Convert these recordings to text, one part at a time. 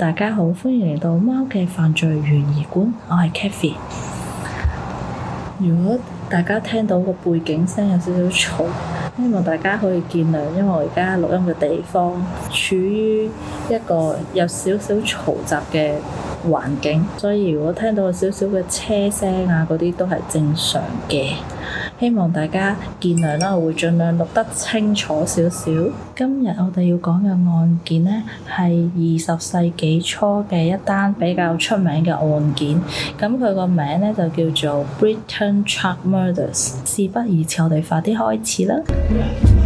大家好，歡迎嚟到《貓嘅犯罪懸疑館》，我係 Kathy。如果大家聽到個背景聲有少少嘈，希望大家可以見諒，因為我而家錄音嘅地方處於一個有少少嘈雜嘅環境，所以如果聽到有少少嘅車聲啊，嗰啲都係正常嘅。希望大家見諒，我會盡量啦，會盡量錄得清楚少少。今日我哋要講嘅案件呢，係二十世紀初嘅一單比較出名嘅案件。咁佢個名呢，就叫做 Brighton Trunk Murders。事不宜遲，我哋快啲開始啦。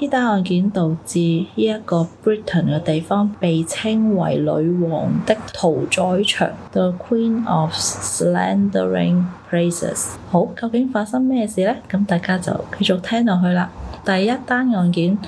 呢單案件導致呢一個 Brighton 嘅地方被稱為女王的屠宰場，The Queen of Slaughtering Places。好，究竟發生咩事呢？咁大家就繼續聽落去啦。第一單案件誒、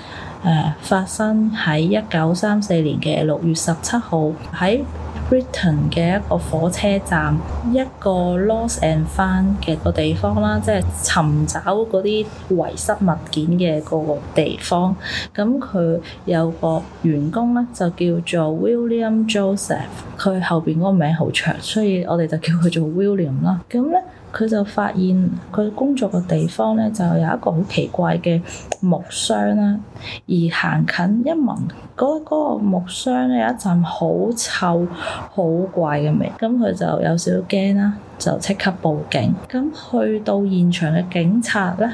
呃、發生喺一九三四年嘅六月十七號喺 Brighton 嘅一個火車站，一個 lost and found 嘅個地方啦，即係尋找嗰啲遺失物件嘅個地方。咁佢有個員工咧，就叫做 William Joseph。佢後邊嗰個名好長，所以我哋就叫佢做 William 啦。咁咧，佢就發現佢工作嘅地方咧，就有一個好奇怪嘅木箱啦。而行近一聞嗰、嗰個木箱咧，有一陣好臭、好怪嘅味。咁佢就有少少驚啦，就即刻報警。咁去到現場嘅警察咧。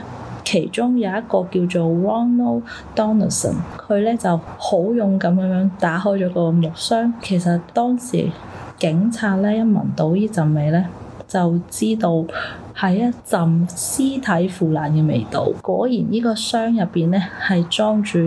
其中有一個叫做 Ronald Donaldson，佢咧就好勇敢咁樣打開咗個木箱。其實當時警察咧一聞到呢陣味咧。就知道係一陣屍體腐爛嘅味道。果然呢個箱入邊呢係裝住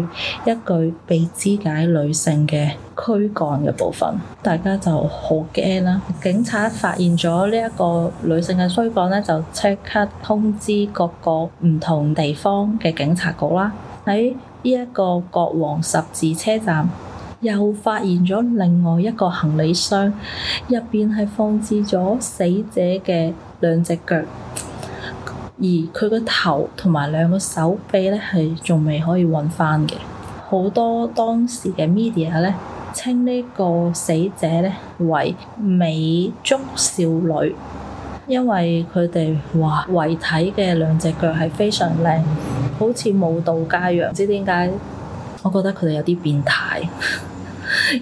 一具被肢解女性嘅軀幹嘅部分，大家就好驚啦。警察發現咗呢一個女性嘅軀幹呢，就即刻通知各個唔同地方嘅警察局啦。喺呢一個國王十字車站，又發現咗另外一個行李箱，入邊係放置咗死者嘅兩隻腳，而佢個頭同埋兩個手臂咧係仲未可以揾翻嘅。好多當時嘅 media 咧稱呢個死者咧為美足少女，因為佢哋話遺體嘅兩隻腳係非常靚，好似舞蹈家樣。唔知點解，我覺得佢哋有啲變態。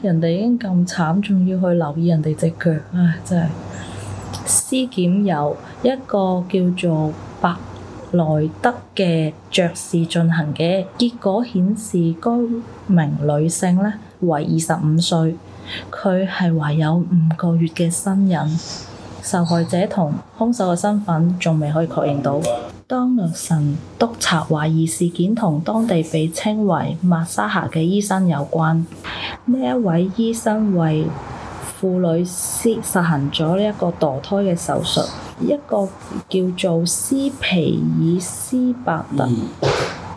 人哋已經咁慘，仲要去留意人哋隻腳，唉，真係。屍檢由一個叫做白萊德嘅爵士進行嘅，結果顯示該名女性呢為二十五歲，佢係懷有五個月嘅身孕，受害者同兇手嘅身份仲未可以確認到。當局神督察懷疑事件同當地被稱為「抹沙客」嘅醫生有關。呢一位醫生為婦女施實行咗呢一個墮胎嘅手術，一個叫做斯皮爾斯伯特。嗯、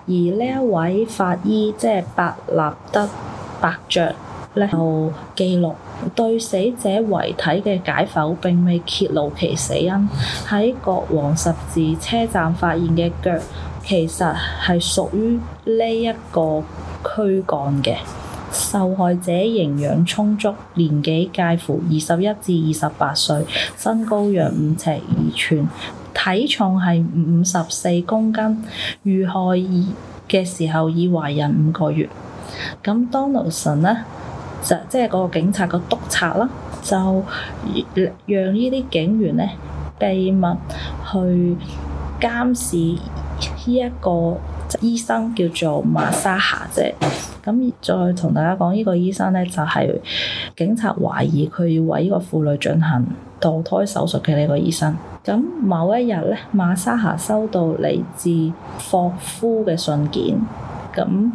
而呢一位法醫即係伯納德伯爵咧，就記錄。對死者遺體嘅解剖並未揭露其死因。喺國王十字車站發現嘅腳其實係屬於呢一個軀幹嘅受害者，營養充足，年紀介乎二十一至二十八歲，身高約五尺二寸，體重係五十四公斤。遇害嘅時候已懷孕五個月。咁 Donaldson 呢？即係嗰個警察個督察啦，就讓呢啲警員咧秘密去監視呢一個醫生叫做馬莎霞啫。咁再同大家講，呢個醫生咧就係警察懷疑佢要為呢個婦女進行墮胎手術嘅呢個醫生。咁某一日咧，馬莎霞收到嚟自霍夫嘅信件，咁。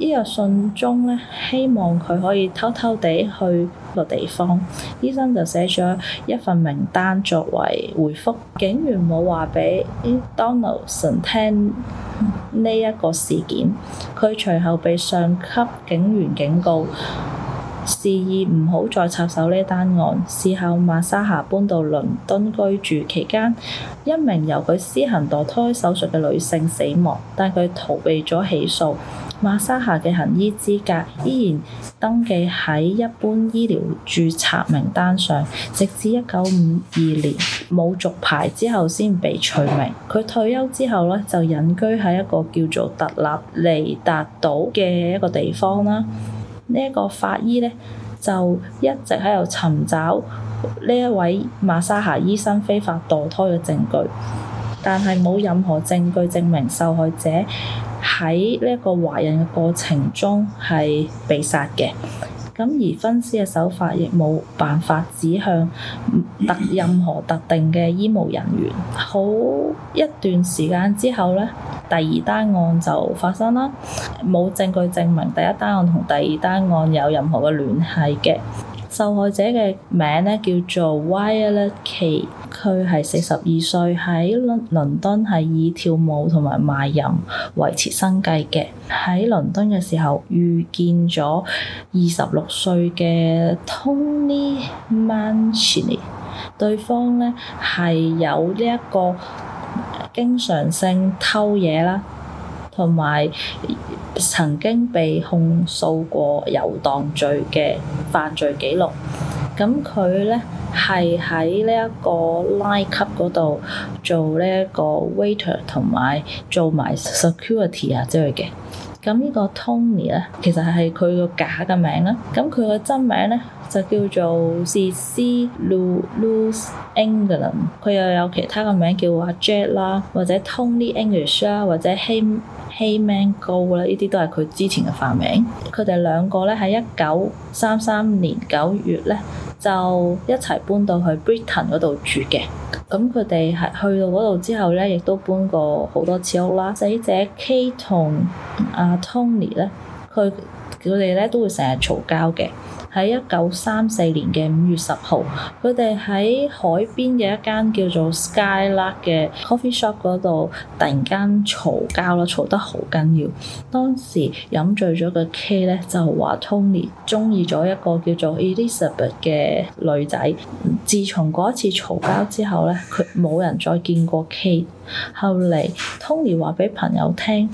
呢日信中呢，希望佢可以偷偷地去個地方。醫生就寫咗一份名單作為回復。警員冇話俾 Donaldson 聽呢一個事件，佢隨後被上級警員警告，示意唔好再插手呢單案。事後馬莎夏搬到倫敦居住期間，一名由佢施行墮胎手術嘅女性死亡，但佢逃避咗起訴。馬沙霞嘅行醫資格依然登記喺一般醫療註冊名單上，直至一九五二年冇續牌之後，先被除名。佢退休之後咧，就隱居喺一個叫做特立尼達島嘅一個地方啦。呢、這、一個法醫咧，就一直喺度尋找呢一位馬沙霞醫生非法墮胎嘅證據，但係冇任何證據證明受害者。喺呢一個懷孕嘅過程中係被殺嘅，咁而分屍嘅手法亦冇辦法指向特任何特定嘅醫務人員。好一段時間之後呢，第二單案就發生啦，冇證據證明第一單案同第二單案有任何嘅聯繫嘅。受害者嘅名呢，叫做 Wyatt K。佢係四十二歲，喺倫敦係以跳舞同埋賣淫維持生計嘅。喺倫敦嘅時候，遇見咗二十六歲嘅 Tony Mancini。對方呢係有呢一個經常性偷嘢啦，同埋曾經被控訴過遊蕩罪嘅犯罪記錄。咁佢呢。係喺呢一個拉級嗰度做呢一個 waiter 同埋做埋 security 啊之類嘅。咁呢個 Tony 咧，其實係佢個假嘅名啦。咁佢個真名咧就叫做 Cecil Lois England。佢又有其他嘅名叫阿 Jet 啦，或者 Tony English 啦，或者 Hyman Gold 啦。呢啲都係佢之前嘅化名。佢哋兩個咧喺一九三三年九月咧。就一齊搬到去 Brighton 嗰度住嘅，咁佢哋係去到嗰度之後咧，亦都搬過好多次屋啦。死者 K 同阿、啊、Tony 咧，佢佢哋咧都會成日嘈交嘅。喺一九三四年嘅五月十號，佢哋喺海邊嘅一間叫做 Skylark 嘅 coffee shop 嗰度，突然間嘈交咯，嘈得好緊要。當時飲醉咗個 K 咧就話 Tony 中意咗一個叫做 Elizabeth 嘅女仔。自從嗰次嘈交之後咧，佢冇人再見過 K。後嚟 Tony 話俾朋友聽，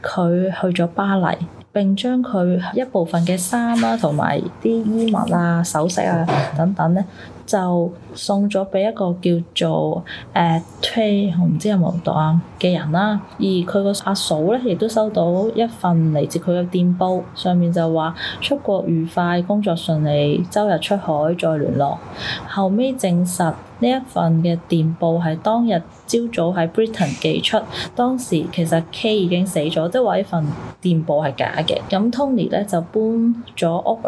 佢去咗巴黎。並將佢一部分嘅衫啦，同埋啲衣物啊、首飾啊等等咧。就送咗俾一個叫做誒、uh, Twain，我唔知有冇讀啊嘅人啦。而佢個阿嫂咧，亦都收到一份嚟自佢嘅電報，上面就話出國愉快，工作順利，周日出海再聯絡。後尾證實呢一份嘅電報係當日朝早喺 Britain 寄出，當時其實 K 已經死咗，即係話呢份電報係假嘅。咁 Tony 咧就搬咗屋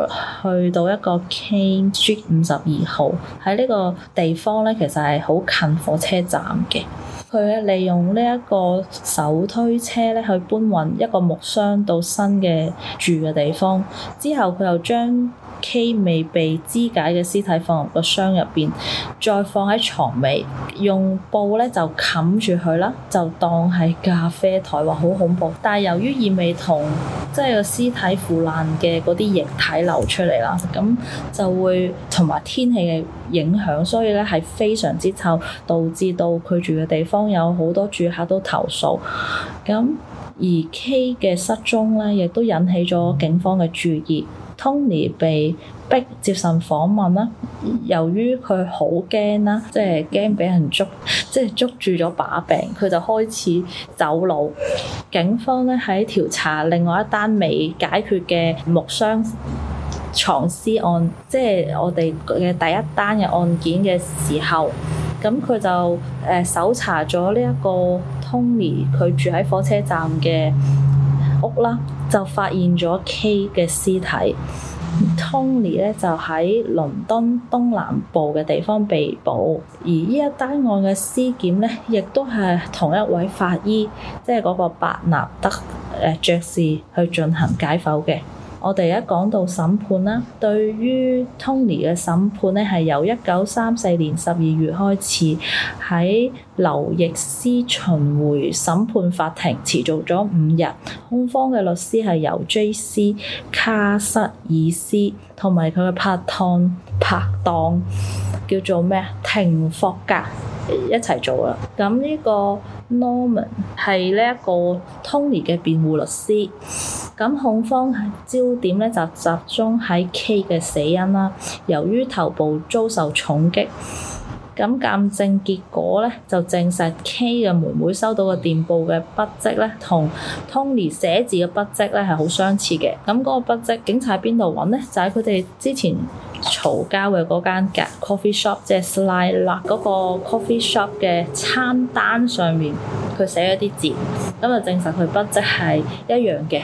去到一個 King Street 五十二號。喺呢個地方咧，其實係好近火車站嘅。佢咧利用呢一個手推車咧去搬運一個木箱到新嘅住嘅地方，之後佢又將 K 未被肢解嘅屍體放入個箱入邊，再放喺床尾，用布咧就冚住佢啦，就當係咖啡台，話好恐怖。但係由於異味同即係個屍體腐爛嘅嗰啲液體流出嚟啦，咁就會同埋天氣嘅影響，所以咧係非常之臭，導致到佢住嘅地方有好多住客都投訴。咁而 K 嘅失蹤咧，亦都引起咗警方嘅注意。Tony 被逼接受訪問啦，由於佢好驚啦，即係驚俾人捉，即係捉住咗把柄，佢就開始走佬。警方咧喺調查另外一單未解決嘅木箱藏屍案，即係我哋嘅第一單嘅案件嘅時候，咁佢就誒搜查咗呢一個 Tony，佢住喺火車站嘅屋啦。就發現咗 K 嘅屍體，Tony 咧就喺倫敦東南部嘅地方被捕，而呢一單案嘅屍檢咧，亦都係同一位法醫，即係嗰個伯納德爵士去進行解剖嘅。我哋而家講到審判啦，對於 Tony 嘅審判呢，係由一九三四年十二月開始喺劉易斯巡迴審判法庭，持續咗五日。控方嘅律師係由 J.C. 卡塞爾斯同埋佢嘅拍檔，拍檔叫做咩啊？廷霍格一齊做啦。咁呢個 Norman 係呢一個 Tony 嘅辯護律師。咁控方焦點咧就集中喺 K 嘅死因啦。由於頭部遭受重擊，咁鑑證結果咧就證實 K 嘅妹妹收到嘅電報嘅筆跡咧，同 Tony 寫字嘅筆跡咧係好相似嘅。咁嗰個筆跡，警察喺邊度揾呢？就喺佢哋之前嘈交嘅嗰間嘅 coffee shop，即係 Slide Luck 嗰個 coffee shop 嘅餐單上面，佢寫咗啲字，咁就證實佢筆跡係一樣嘅。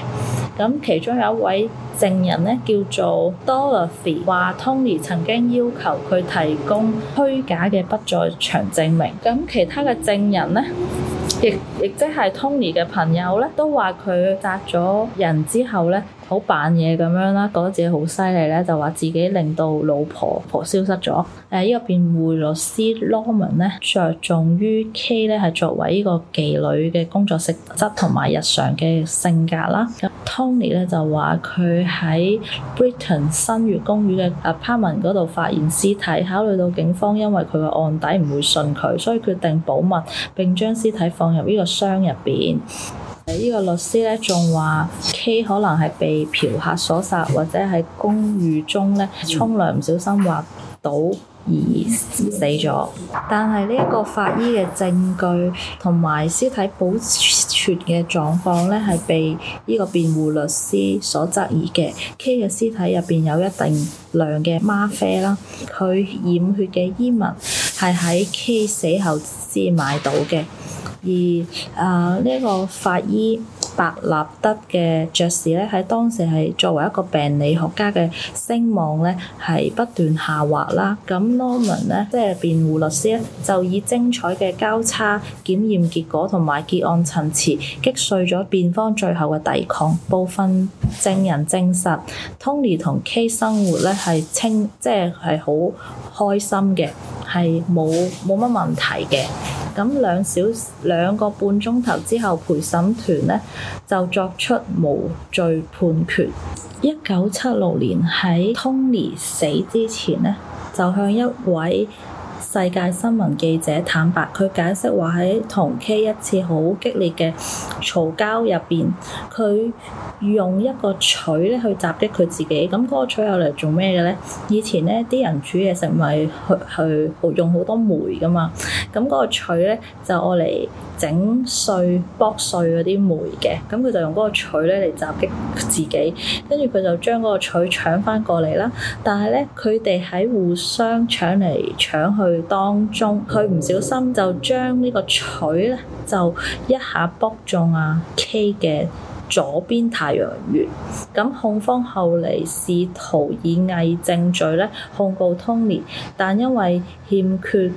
咁其中有一位證人咧叫做 Dolphy，話 Tony 曾經要求佢提供虛假嘅不在場證明。咁其他嘅證人咧，亦亦即係 Tony 嘅朋友咧，都話佢殺咗人之後咧。好扮嘢咁樣啦，覺得自己好犀利咧，就話自己令到老婆老婆消失咗。誒、呃，呢個辯護律師 Norman 咧著重於 K 咧係作為呢個妓女嘅工作性質同埋日常嘅性格啦。Tony 咧就話佢喺 Britain 新月公寓嘅 apartment 嗰度發現屍體，考慮到警方因為佢嘅案底唔會信佢，所以決定保密並將屍體放入呢個箱入邊。呢個律師咧，仲話 K 可能係被嫖客所殺，或者喺公寓中咧沖涼唔小心滑倒而死咗。但係呢一個法醫嘅證據同埋屍體保存嘅狀況咧，係被呢個辯護律師所質疑嘅。 K 嘅屍體入邊有一定量嘅嗎啡啦，佢染血嘅衣物係喺 K 死後先買到嘅。而誒呢、呃這個法醫伯納德嘅爵士咧，喺當時係作為一個病理學家嘅聲望咧，係不斷下滑啦。咁 Norman 呢，即係辯護律師咧，就以精彩嘅交叉檢驗結果同埋結案陳詞，擊碎咗辯方最後嘅抵抗。部分證人證實 Tony 同 K 生活咧係清，即係係好開心嘅，係冇冇乜問題嘅。咁兩小時兩個半鐘頭之後，陪審團咧就作出無罪判決。一九七六年喺 Tony 死之前咧，就向一位世界新聞記者坦白，佢解釋話，喺同 K 一次好激烈嘅嘈交入邊，佢用一個錘咧去襲擊佢自己。咁個錘又嚟做咩嘅咧？以前咧啲人煮嘢食咪去去，去用好多煤噶嘛，咁個錘咧就愛嚟整碎剝碎啲煤嘅。咁佢就用個錘咧嚟襲擊自己，跟住佢就將個錘搶翻過嚟啦。但係咧，佢哋喺互相搶嚟搶去。佢當中，佢唔小心就將呢個錘咧，就一下卜中啊 K 嘅左邊太陽穴。咁控方後嚟試圖以偽證罪咧控告 Tony，但因為欠缺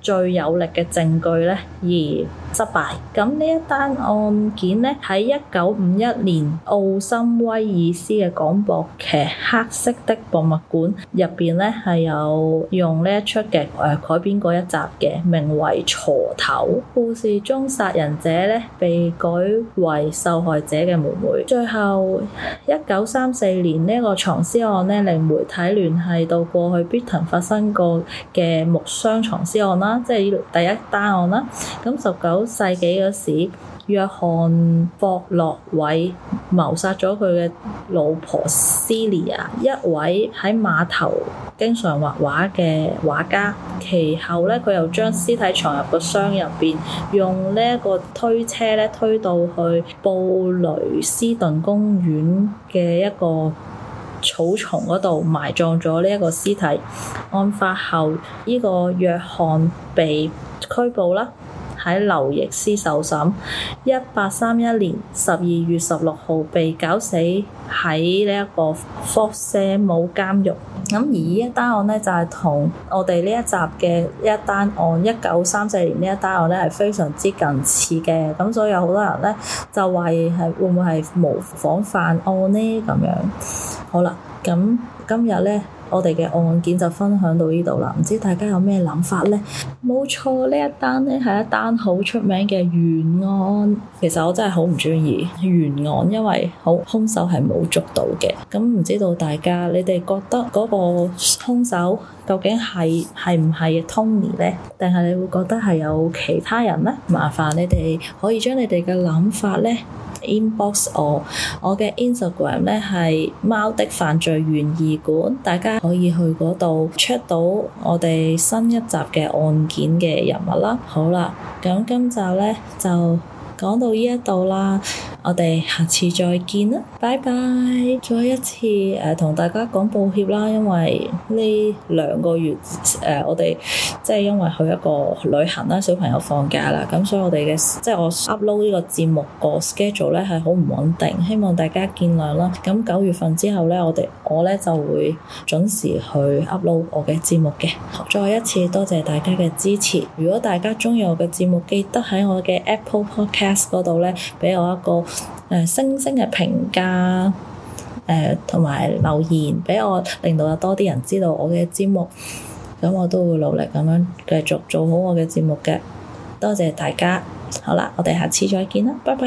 最有力嘅證據咧而失敗。咁呢一單案件咧，喺一九五一年奧森威爾斯嘅廣播劇《黑色的博物館》入邊咧，係有用呢一出嘅誒改編過一集嘅，名為《鋤頭》。故事中殺人者咧，被改為受害者嘅妹妹。最後一九三四年呢個藏屍案咧，令媒體聯繫到過去 Brighton 發生過嘅木箱藏屍案啦，即係第一單案啦。咁十九世紀嗰時，約翰·霍洛韋謀殺咗佢嘅老婆 Celia，一位喺碼頭經常畫畫嘅畫家。其後咧，佢又將屍體藏入個箱入邊，用呢一個推車咧推到去布雷斯頓公園嘅一個草叢嗰度埋葬咗呢一個屍體。案發後，呢個約翰被拘捕啦。喺劉易斯受審，一八三一年十二月十六號被絞死喺呢一個福舍姆監獄。咁而呢一單案呢，就係、是、同我哋呢一集嘅一單案一九三四年呢一單案呢，係非常之近似嘅。咁所以有好多人呢，就話係會唔會係模仿犯案呢？咁樣？好啦，咁今日呢。我哋嘅案件就分享到呢度啦，唔知大家有咩諗法呢？冇錯，呢一單咧係一單好出名嘅懸案，其實我真係好唔鍾意懸案，因為好兇手係冇捉到嘅。咁唔知道大家你哋覺得嗰個兇手究竟係係唔係 Tony 呢？定係你會覺得係有其他人呢？麻煩你哋可以將你哋嘅諗法呢，inbox 我，我嘅 Instagram 咧係貓的犯罪懸疑館，大家可以去嗰度 check 到我哋新一集嘅案件嘅人物啦。好啦，咁今集咧就講到呢一度啦。我哋下次再見啦，拜拜！再一次誒同、呃、大家講抱歉啦，因為呢兩個月誒、呃、我哋即係因為去一個旅行啦，小朋友放假啦，咁所以我哋嘅即係我 upload 呢個節目個 schedule 咧係好唔穩定，希望大家見諒啦。咁九月份之後咧，我哋我咧就會準時去 upload 我嘅節目嘅。再一次多謝大家嘅支持。如果大家中意我嘅節目，記得喺我嘅 Apple Podcast 度咧俾我一個星星嘅評價同埋，呃，留言俾我，令到有多啲人知道我嘅節目，咁我都會努力咁樣繼續做好我嘅節目嘅。多謝大家，好啦，我哋下次再見啦，拜拜。